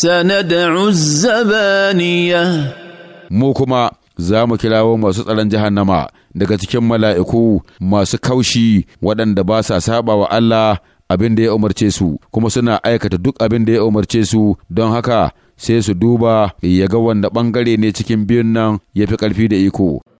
sanada'u zabaniya mu kuma za mu kirawo masu tsaron jahannama daga cikin mala'iku masu kaushi waɗanda ba sa saba wa Allah abin da ya umarce su kuma suna aikata duk abin da ya umarce su don haka sai su duba ya ga wanda ɓangare ne cikin biyun nan ya fi ƙarfi da iko.